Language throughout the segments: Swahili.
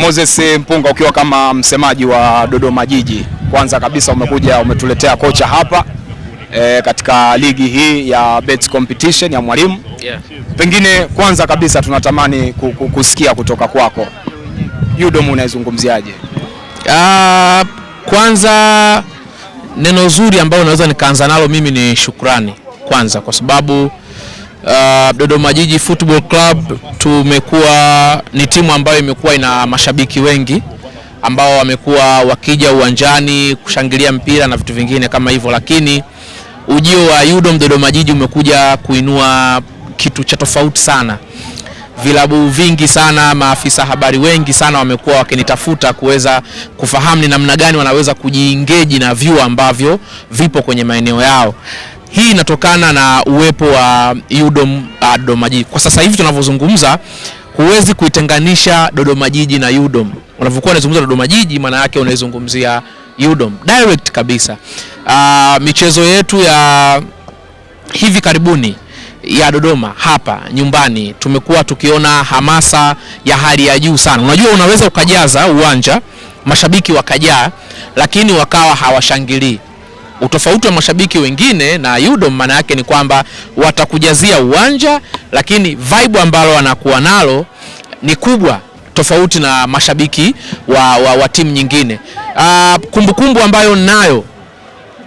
Moses Mpunga ukiwa kama msemaji wa Dodoma Jiji, kwanza kabisa umekuja umetuletea kocha hapa e, katika ligi hii ya bet competition ya mwalimu yeah. Pengine kwanza kabisa tunatamani kusikia kutoka kwako UDOM unaizungumziaje? Uh, kwanza neno zuri ambalo naweza nikaanza nalo mimi ni shukrani kwanza, kwa sababu uh, Dodoma Jiji Football Club tumekuwa ni timu ambayo imekuwa ina mashabiki wengi ambao wamekuwa wakija uwanjani kushangilia mpira na vitu vingine kama hivyo, lakini ujio wa UDOM Dodoma Jiji umekuja kuinua kitu cha tofauti sana. Vilabu vingi sana, maafisa habari wengi sana wamekuwa wakinitafuta kuweza kufahamu ni namna gani wanaweza kujiingeji na vyuo ambavyo vipo kwenye maeneo yao. Hii inatokana na uwepo wa UDOM uh, ah, Dodoma Jiji. Kwa sasa hivi tunavyozungumza, huwezi kuitenganisha Dodoma Jiji na UDOM. Unavyokuwa unazungumza Dodoma Jiji, maana yake unaizungumzia UDOM direct kabisa. Uh, michezo yetu ya hivi karibuni ya Dodoma hapa nyumbani tumekuwa tukiona hamasa ya hali ya juu sana. Unajua, unaweza ukajaza uwanja mashabiki wakajaa, lakini wakawa hawashangilii Utofauti wa mashabiki wengine na UDOM maana yake ni kwamba watakujazia uwanja, lakini vibe ambalo wanakuwa nalo ni kubwa tofauti na mashabiki wa, wa, wa timu nyingine. Ah, kumbukumbu kumbu ambayo nayo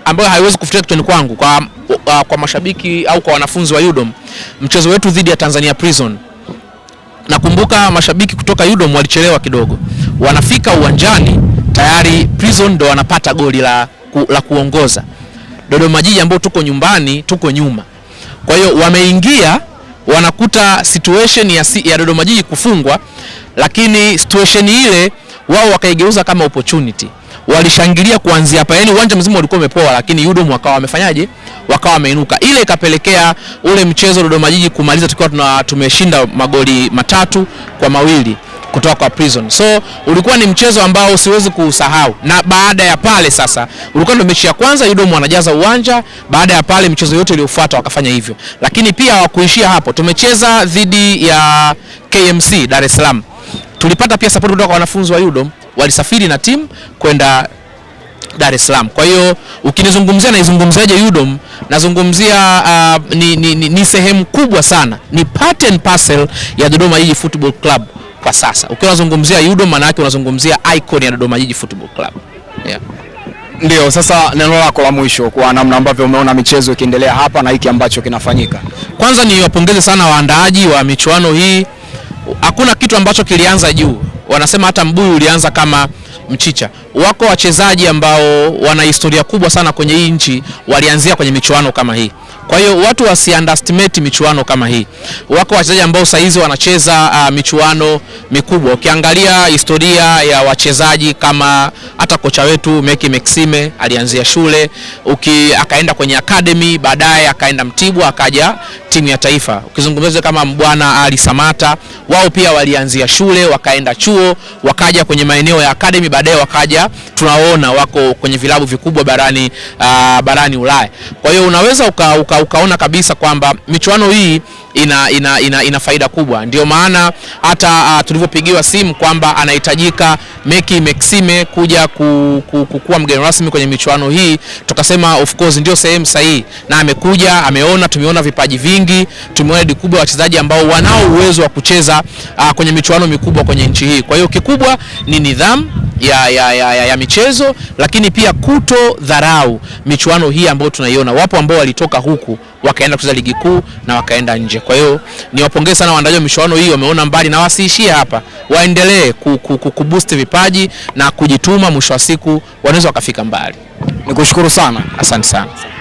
ambayo haiwezi kufutika kichwani kwangu kwa, uh, kwa mashabiki au kwa wanafunzi wa UDOM, mchezo wetu dhidi ya Tanzania Prison, nakumbuka mashabiki kutoka UDOM walichelewa kidogo, wanafika uwanjani tayari Prison ndo wanapata goli la ku, la kuongoza. Dodoma Jiji ambao tuko nyumbani, tuko nyuma. Kwa hiyo wameingia wanakuta situation ya, ya Dodoma Jiji kufungwa, lakini situation ile wao wakaigeuza kama opportunity. Walishangilia kuanzia hapa, yani uwanja mzima ulikuwa umepoa, lakini UDOM wakawa wamefanyaje? Wakawa wameinuka. Ile ikapelekea ule mchezo Dodoma Jiji kumaliza tukiwa tumeshinda magoli matatu kwa mawili kutoka kwa Prison. So ulikuwa ni mchezo ambao siwezi kusahau, na baada ya pale sasa, ulikuwa ndio mechi ya kwanza Udom wanajaza uwanja. Baada ya pale michezo yote iliyofuata wakafanya hivyo, lakini pia hawakuishia hapo. Tumecheza dhidi ya KMC Dar es Salaam, tulipata pia support kutoka kwa wanafunzi wa Udom, walisafiri na timu kwenda Dar es Salaam. Kwa hiyo ukinizungumzia naizungumziaje Udom, nazungumzia uh, ni, ni, ni, ni sehemu kubwa sana, ni part and parcel ya Dodoma Jiji Football Club kwa sasa. Ukiwa unazungumzia Yudo, maana yake unazungumzia icon ya Dodoma Jiji Football Club. Yeah. Ndio, sasa neno lako la mwisho kwa namna ambavyo umeona michezo ikiendelea hapa na hiki ambacho kinafanyika. Kwanza ni wapongeze sana waandaaji wa michuano hii. Hakuna kitu ambacho kilianza juu, wanasema hata mbuyu ulianza kama mchicha. Wako wachezaji ambao wana historia kubwa sana kwenye hii nchi, walianzia kwenye michuano kama hii. Kwa hiyo watu wasi underestimate michuano kama hii. Wako wachezaji ambao hizi wanacheza uh, michuano mikubwa. Ukiangalia historia ya wachezaji kama hata kocha wetu Meki Maxime alianzia shule, uki akaenda kwenye academy, baadaye akaenda Mtibwa, akaja timu ya taifa. Ukizungumza kama Mbwana Ali Samata, wao pia walianzia shule, wakaenda chuo, wakaja kwenye maeneo ya academy baadaye wakaja tunaona wako kwenye vilabu vikubwa barani, uh, barani Ulaya. Kwa hiyo unaweza uka, uka, ukaona kabisa kwamba michuano hii ina, ina, ina, ina faida kubwa. Ndio maana hata uh, tulivyopigiwa simu kwamba anahitajika Meki Maxime kuja ku, ku, kukuwa mgeni rasmi kwenye michuano hii, tukasema of course ndio sehemu sahihi, na amekuja, ameona, tumeona vipaji vingi, tumeona idadi kubwa ya wachezaji ambao wanao uwezo wa kucheza uh, kwenye michuano mikubwa kwenye nchi hii. Kwa hiyo kikubwa ni nidhamu ya, ya, ya, ya, ya michezo lakini pia kuto dharau michuano hii ambayo tunaiona. Wapo ambao walitoka huku wakaenda kucheza ligi kuu na wakaenda nje. Kwa hiyo niwapongeze sana waandaji wa michuano hii, wameona mbali na wasiishie hapa, waendelee kuboost vipaji na kujituma, mwisho wa siku wanaweza wakafika mbali. Nikushukuru sana, asante sana.